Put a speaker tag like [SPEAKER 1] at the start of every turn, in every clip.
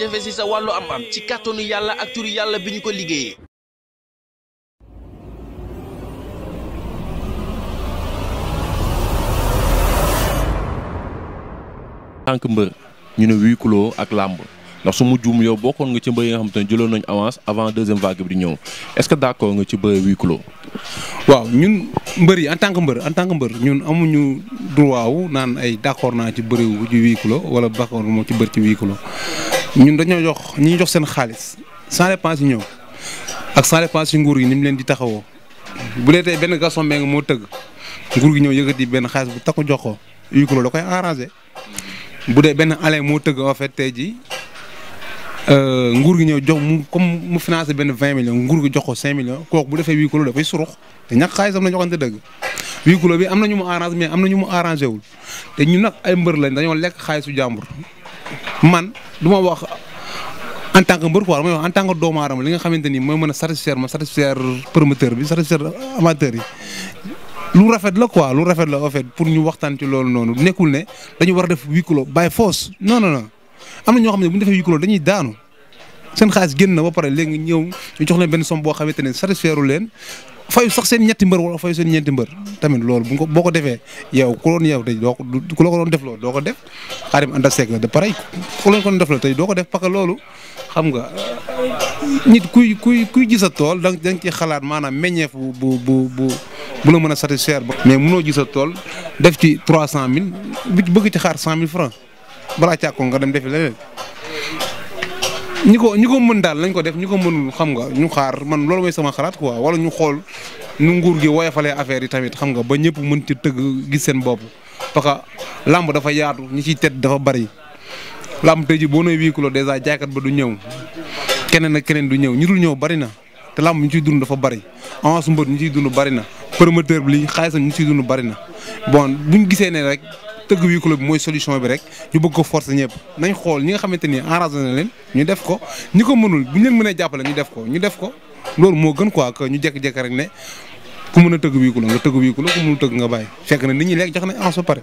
[SPEAKER 1] jafe-jafe sa wàllu am-am ci kàttanu yàlla ak turu yàlla bi ñu ko liggéeyee. tànk mbër ñu ne huis clos ak làmb ndax su
[SPEAKER 2] mu yow bokkoon nga ci mbër yi nga xam te ne jëloon avance avant deuxième vague bi di ñëw est-ce que d'accord nga ci bëre huis clos. waaw ñun mbër yi en tant mbër en tant que mbër ñun amuñu droit wu naan ay d'accord naa ci bëriwu ci huis clos wala d'accord moo ci bër ci huis ñun dañoo jox ñi jox seen xaalis sans dépense yi ñëw ak sans dépense yi nguur gi ni leen di taxawoo bu dee benn Gaston Mbengue moo tëgg nguur gi ñëw yëkkati benn xaalis bu takku jox ko huis clos da koy arrangé bu dee benn Alain moo tëgg en fait te jii euh, nguur gi ñëw jox mu comme mu financé benn vingt millions nguur gi jox ko cinq millions kooku bu defee huis clos dafay surux te ñàkk xaalisam la ñu waxante dëgg. bi am na ñu mu arrangé mais am na ñu mu arrangé wul te ñun nag ay mbër lañ dañoo lekk xaalisu jàmbur man du ma wax en tant que mbër quoi damay wax en tant doomu aadama li nga xamante ni mooy mën a satisfaire ma satisfaire promoteur bi satisfaire amateur yi. lu rafet la quoi lu rafet la en fait pour ñu waxtaan ci loolu noonu nekkul ne dañu war a def huis clos by force non non non am na ñoo xam ne bu ñu defee huis clos dañuy daanu. seen xaalis génn na ba pare léegi ñëw ñu jox leen benn somme boo xamante ne satisfeeru leen fayu sax seen ñetti mbër wala fayu seen ñeenti mbër tamit loolu bu ko boo ko defee yow ku doon yow tey doo ko ku ko doon def loolu doo ko def xaarim ànd ak seeg la de pare ku la ko def loolu tey doo def parce que loolu xam nga nit kuy kuy kuy gis a tool da nga xalaat maanaam meññeef bu bu bu bu bu la mën a satisfaire ba. mais mënoo gis a tool def ci trois cent mille bëgg ci xaar cent mille franc balaa càkkoon nga dem defi leneen. ñi ko ñi ko mën daal lañ ko def ñi ko mënul xam nga ñu xaar man loolu mooy sama xalaat quoi wala ñu xool nu nguur gi woyofalee affaire yi tamit xam nga ba ñëpp mën ci tëgg gis seen bopp parce que làmb dafa yaatu ñi ciy tedd dafa bari làmb tey boo nee huis clos dèjà jaaykat ba du ñëw keneen keneen du ñëw ñu dul ñëw bari na te làmb ñu ciy dund dafa bari avance mbër ñu ciy dund bari na promoteur bi lii xaalisam ñu ciy dund bari na bu buñ gisee nee rek tëgg wii club bi mooy solution bi rek ñu bëgg ko forcer ñëpp nañ xool ñi nga xamante ni arrangé na leen ñu def ko ñi ko mënul bu ñu mënee jàppale ñu def ko ñu def ko loolu moo gën ko ak ñu jékki-jékki rek ne ku mën a tëgg wii club nga tëgg wii club ku mënul tëgg nga bàyyi fekk na nit ñi léegi jox nañ en su pare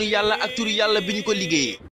[SPEAKER 1] yoonu yàlla ak turu yàlla bi ñu ko liggéeyee